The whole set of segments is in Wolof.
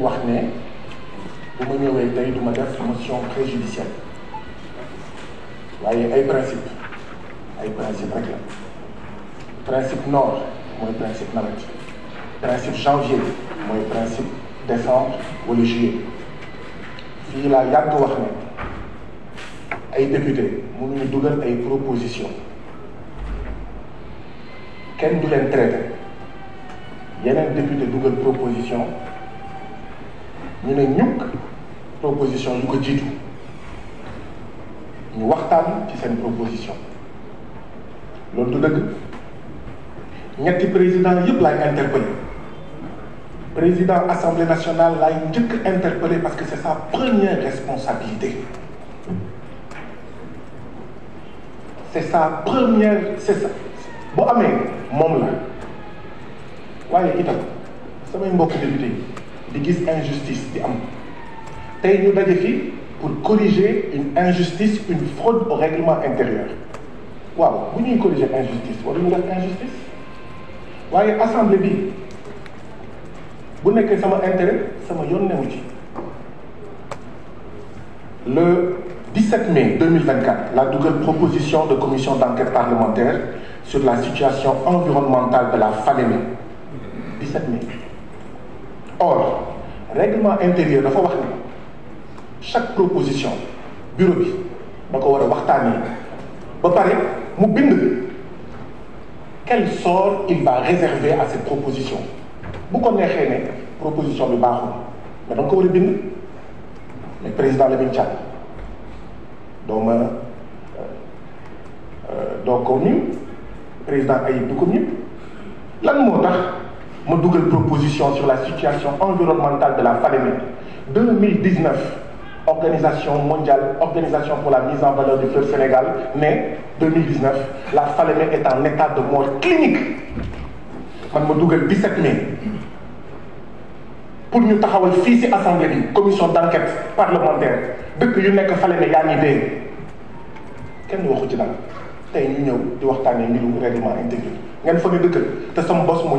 Wahne, ne bu ma ñëwee tey def motion préjudicielle waaye ay principe ay principe rek la principe nord mooy principe nawet principe janvier mooy principe décembre wala juillet y a yàgg wax ne ay député mënuñu dugal ay proposition traite, du leen traité un député dugal proposition ñu ne ñuk proposition lu ko jitu ñu waxtaan ci une proposition loolu du dëgg ñetti président yëpp laay interpellé président assemblée nationale l'a njëkk interpellé parce que c'est sa première responsabilité c'est sa première c'est ça bu amee moom la waaye itam samay mbokk député yi injustice di am tey ñu pour corriger une injustice une fraude au règlement intérieur waaw bu ñuy corriger injustice ñu def injustice waaye assemblée bi bu nekkee sama intérêt sama yoon le 17 mai 2024 la double proposition de commission d'enquête parlementaire sur la situation environnementale de la Falémé 17 mai or règlement intérieur il faut chaque proposition bureau bi quel sort il va réserver à cette proposition Vous connaissez la proposition de Baron. mais da nga président le euh, euh président Ayib du ma une proposition sur la situation environnementale de la FALEME. 2019 organisation mondiale organisation pour la mise en valeur du fleuve Sénégal mais 2019 la FALEME est en état de mort clinique Je ma le 17 mai pour ñu taxawal une ci assemblée commission d'enquête parlementaire dëkk yu nekk Falémé yaa ngi dee kenn waxu ci dara tey ñu ñëw di nous réellement règlement Nous avons fait des te sama bos moo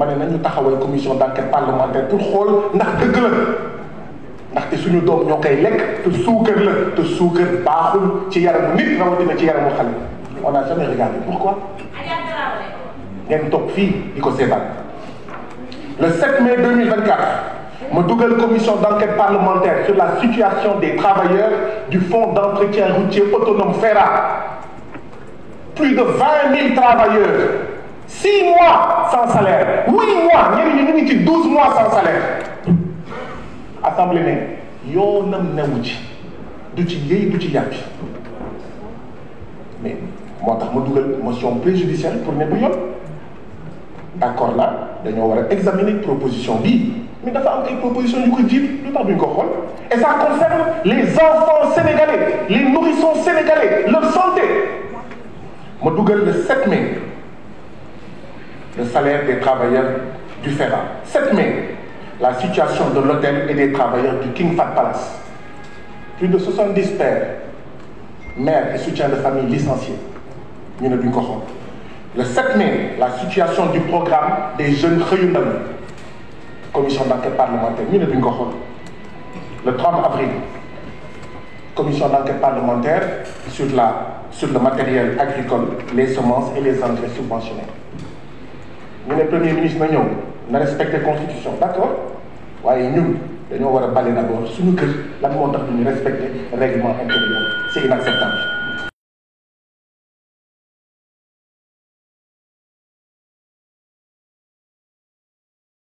ma ne nañu taxawal commission d'enquête parlementaire pour xool ndax dëgg la ndaxte suñu doom ñoo koy lekk te suukar la te suukar baaxul ci yaramu nit rawatina ci yaramu xale on a jamais regardé pourquoi ngeen toog fii di ko seetaan le 7 mai 2024 ma dugal commission d'enquête parlementaire sur la situation des travailleurs du fonds d'entretien routier autonome FERA plus de 20 000 travailleurs 6 mois sans salaire 8 mois nous avons 12 mois sans salaire assemblée ne yoonam du ci du ci mais moi, je ma une motion préjudicielle pour les bu d'accord là, nous examiner la examiner proposition B. mais dafa am une proposition yu ko jiit pas et ça concerne les enfants sénégalais les nourrissons sénégalais leur santé ma donner le 7 mai le salaire des travailleurs du FERA. 7 mai, la situation de l'hôtel et des travailleurs du King Fat Palace. Plus de 70 pères, mères et soutiens de famille licenciés. Le 7 mai, la situation du programme des jeunes réunions. Commission d'enquête parlementaire. Le 30 avril, commission d'enquête parlementaire sur, sur le matériel agricole, les semences et les engrais subventionnés ñu ne premier ministre na ñëw na respecté constitution D'accord? accord waaye ñun dañoo war a d'abord. d' abord suñu kër lan moo tax ñu respecté règlement intérieur c'est inacceptable